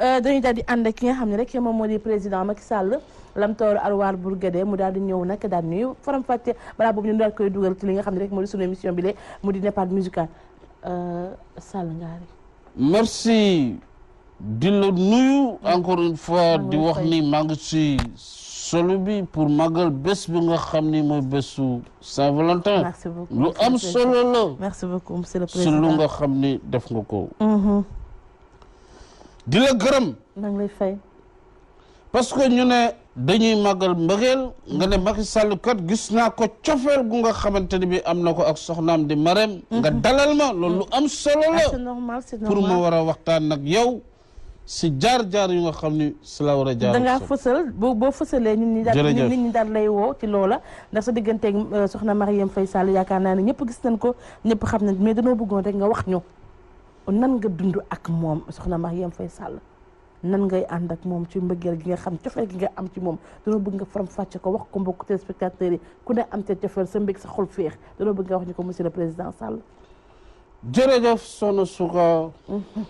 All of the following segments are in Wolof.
Euh, dañuy daal di ànd ak ki nga xam ne rek moom moo di président Macky Sall Lamtoor Arwar Bourguedé mu daal di ñëw nag daal nuyu faram fàcce balaa boobu ñu daal koy dugal ci li nga xam ne rek moo di sunu émission bi le mu di Nepad musical euh, Sall Ngari. merci di la nuyu encore une fois ni pour màggal bés bi nga xam ni mooy bésu Saint-Valentin. merci beaucoup lu am solo la. merci beaucoup si lu nga xam ni def nga ko. Mm-hmm. di la gërëm. maa lay fay. parce que ñu ne dañuy màggal mbëggeel nga ne Macky Sall kat gis naa ko cofeel gu nga xamante ni bi am na ko ak soxnaam di Marème nga mhm. dalal ma loolu lu am solo la ah, pour ma war a waxtaan nag yow si jaar-jaar yu nga xam ni si la war a jaar da ngaa boo boo fësalee ñun ñi daal nit ñi daal lay woo ci loola ndax sa digganteeg euh, soxna Marème Faye Sall yaakaar naa ne ñëpp gis nañ ko ñëpp xam nañ mais danoo bëggoon rek nga wax ñu nan nga dund ak moom soxna Marième fay Sall nan ngay ànd ak moom ci mbëggeel gi nga xam cofeel gi nga am ci moom dana bëgg nga faram fàcce ko wax ko mbokk téléspectateurs yi ku ne am te cofeel sa mbég sa xol feex dana bëgg nga wax ñu ko monsieur le président Sall jërëjëf soxna Souka mhm.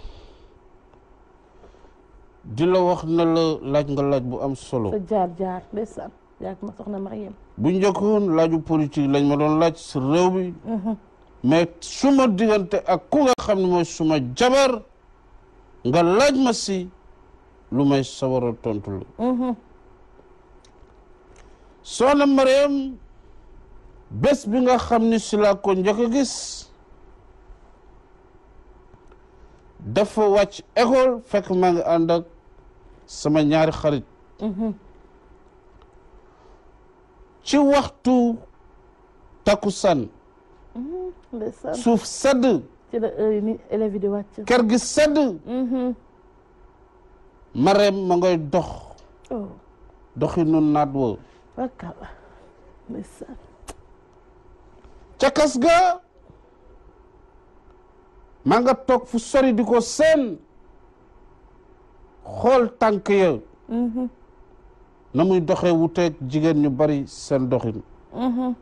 laaj nga laaj bu am solo sa jaar jaar ndeysaan yaag ma soxna bu njëkkoon laaju politique lañ ma doon laaj sa réew bi mais suma diggante ak ku nga xam ne mooy suma jabar nga laaj ma si lu may sawara tontu la mm-hmm. soxna Mariam bés bi nga xam ni si laa ko njëkk a gis dafa wàcc école fekk maa ngi ànd ak sama ñaari xarit mm-hmm. ci waxtu takkusaan suuf sedd ci la euh, kër gi sedd mm-hmm. mareem ma ngay dox oh. doxi nun naat wa ca kas ga maa nga toog fu sori di ko seen xool tànk ya mm-hmm. na muy doxee wuteeg jigéen ñu bari seen doxin mm-hmm.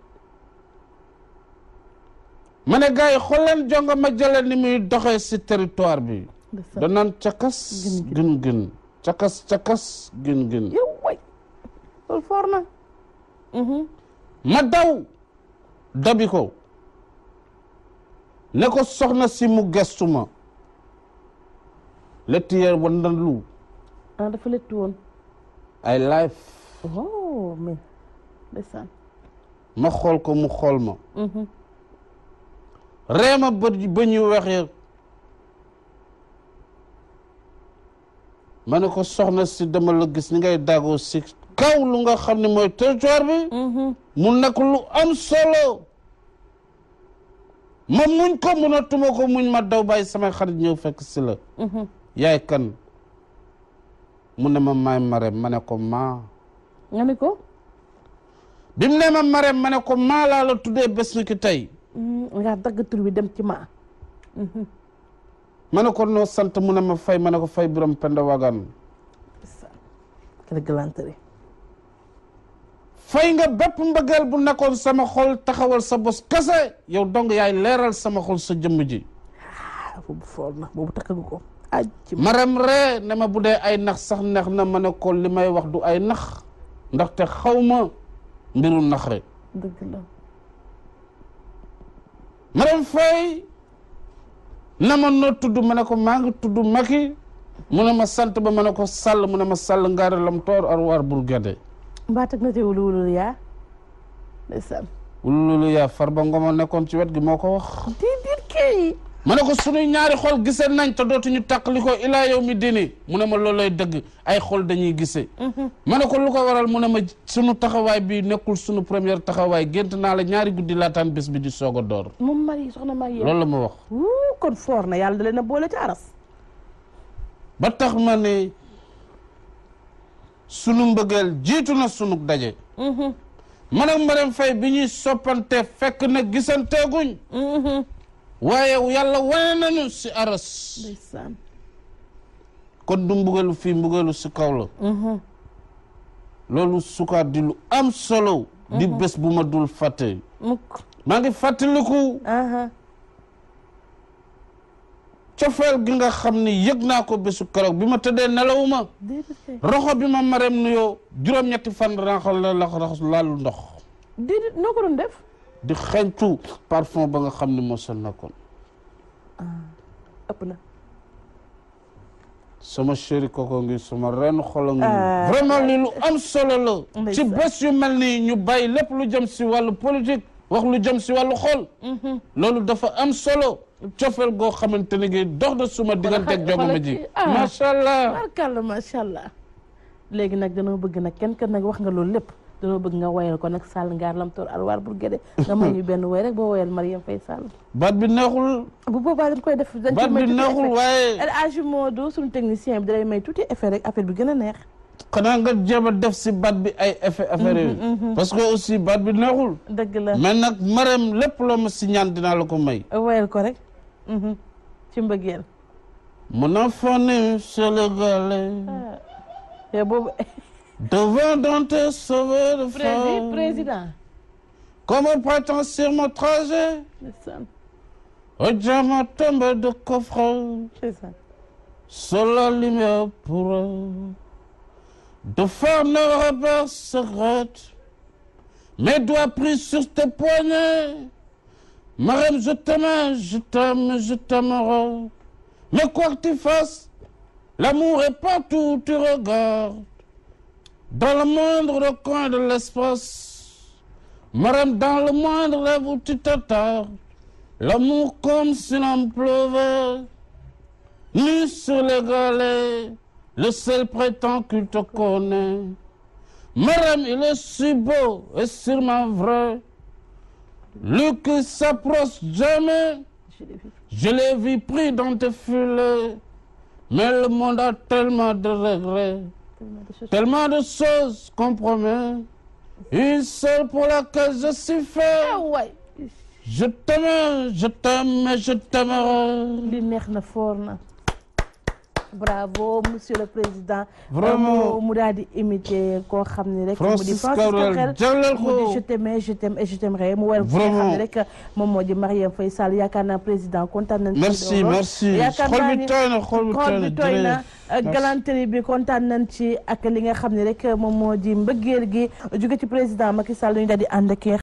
ma ne gars yi xool leen jongo ma jële ni muy doxee si territoire bi danaan cakas gën gën cakas cakas gën gën na mm-hmm. ma daw dabi ko ne ko soxna si mu gestuma ma létt yee wandan lu ah, oh, ma xool ko mu xool ma mm-hmm. reema ba ba ñu waxee ma ne ko soxna si dama la gis ni ngay daagoo si kaw lu nga xam ne mooy territoire bi mhm. mu nekk lu am solo ma muñ ko mënatuma ko muñ ma daw bàyyi samay xarit ñëw fekk si la mhm. yaay kan mu ne ma maay Marème ma ne ko maa nga ne ko bi mu ne ma Marème ma ne ko maa laa la tuddee bés ni ki tey Mm, nga dagg bi dem ci ma mhm. ma ne ko noo sant mu ne ma fay ma ne ko fay borom penda wagan fay nga bépp mbëggeel bu nekkoon sama xol taxawal sa bos kase yow dong yaay leeral sama xol sa jëmm ji ah, boobu fool na boobu takkagu ko maram ne ma bu dee ay nax sax neex na ma ne ko li may wax du ay nax ndaxte xaw ma mbiru nax madame Faye na ma noo tudd ma ne ko maa ngi tudd Macky mu ne ma sant ba ma ne ko sàll mu na ma sàll ngaar lam toor ar waar bur gede mbaatak na te wulu wulu yaa ndeysaan wulu wulu yaa Farba Ngom nekkoon ci wet gi moo ko wax déedéet ma ne ko sunuy ñaari xol gisee nañ te dootuñu tàqali ko ilaa yow mi dini mu ne ma loolay dëgg ay xol dañuy gisee mhm. ma ne ko lu ko waral mu ne ma sunu taxawaay bi nekkul sunu première taxawaay gént naa la ñaari guddi laataan bés bi di soog a door moom mari soxna ma yéen loolu la ma wax kon foor na yàlla da leen a boole ci aras ba tax ma ne sunu mbëggeel jiitu na sunu daje man ak Marème bi ñuy soppante fekk na gisanteeguñ mhm. waaye yàlla wane nañu si aras kon du mbugalu fii mbugalu si kaw la mhm. loolu sukkaat di lu am solo di mhm. bés bu ma dul fàtte maa ngi fàttaliku cofeel gi nga xam ni yëg naa ko bésu keroog bi ma tëddee nelawuma roxo bi ma mareem nuyoo juróom-ñetti fan raxal la lax laalu ndox di xeñtu parfum ba nga xam ne moo sol na kon ah, ëpp na sama chéri koko ngi sama ren xolo ngi ah, vraiment li lu ah, am solo lo ci bés yu mel nii ñu bàyyi lépp lu jëm si wàllu politique wax lu jëm si wàllu xol mm-hmm. loolu dafa am solo cofeel goo xamante ni ngi dox da suma diggante ak joguma ji macha allah barkàlla macha allah léegi nag dana bëgg nag kenn kat nag wax nga loolu lépp dañoo bëgg nga woyal ko nag Sall ngaar lamtoor arwaar bu gëdë nga may ñu benn woy rek boo woyal Mariam Faye Sall baat bi neexul bu boobaa dañ koy def dañ baat bi neexul waaye El Hadji Modou suñu technicien bi dalay may tuuti effet rek affaire bi gën a neex xanaa nga jéem a def si baat bi ay effet affaire yi mm-hmm, mm-hmm. parce que aussi baat bi neexul dëgg la mais nag Mariam lépp loo ma si ñaan dinaa la ko may woyal ko rek mm-hmm. ci mbëggeel mun a fani Sénégalais ah. boobu Devant Dante Sauveur de Président, président. Comme prétend sur mon trajet. Au diamant tombe de coffre. Sur lumière pour eux. De forme repère se grotte. Mes doigts pris sur tes poignets. Marème, je t'aime, je t'aime, Mais quoi que tu fasses, l'amour est partout tu regardes. dans le moindre recoin de l'espace, Madame, dans le moindre rêve où tu t'attardes, l'amour comme s'il en pleuvait, nu sur les galets, le seul prétend qu'il te connaît. Madame, il est si beau et sûrement vrai, lui qui s'approche jamais, je l'ai vu pris dans tes filets, mais le monde a tellement de regrets. tellement de choses qu'on promet une seule pour laquelle je suis fait ah je t'aime je t'aime je t'aimerai li neex na foor na bravo monsieur le président. vraiment mu daal di imité koo xam ne rek. Francis Cabrel jàngal ko mu di je t'aimais mais je t'aime et je t'aimerai mu wel ko xam ne rek moom moo di Marième Faye Sall yaakaar naa président kontaan nañu. merci merci xol bi tooy na xol bi tooy na galanterie bi kontaan nañ ci ak li nga xam ne rek moom moo di mbëggeel gi jóge ci président Macky Sall ñu daal di ànd ak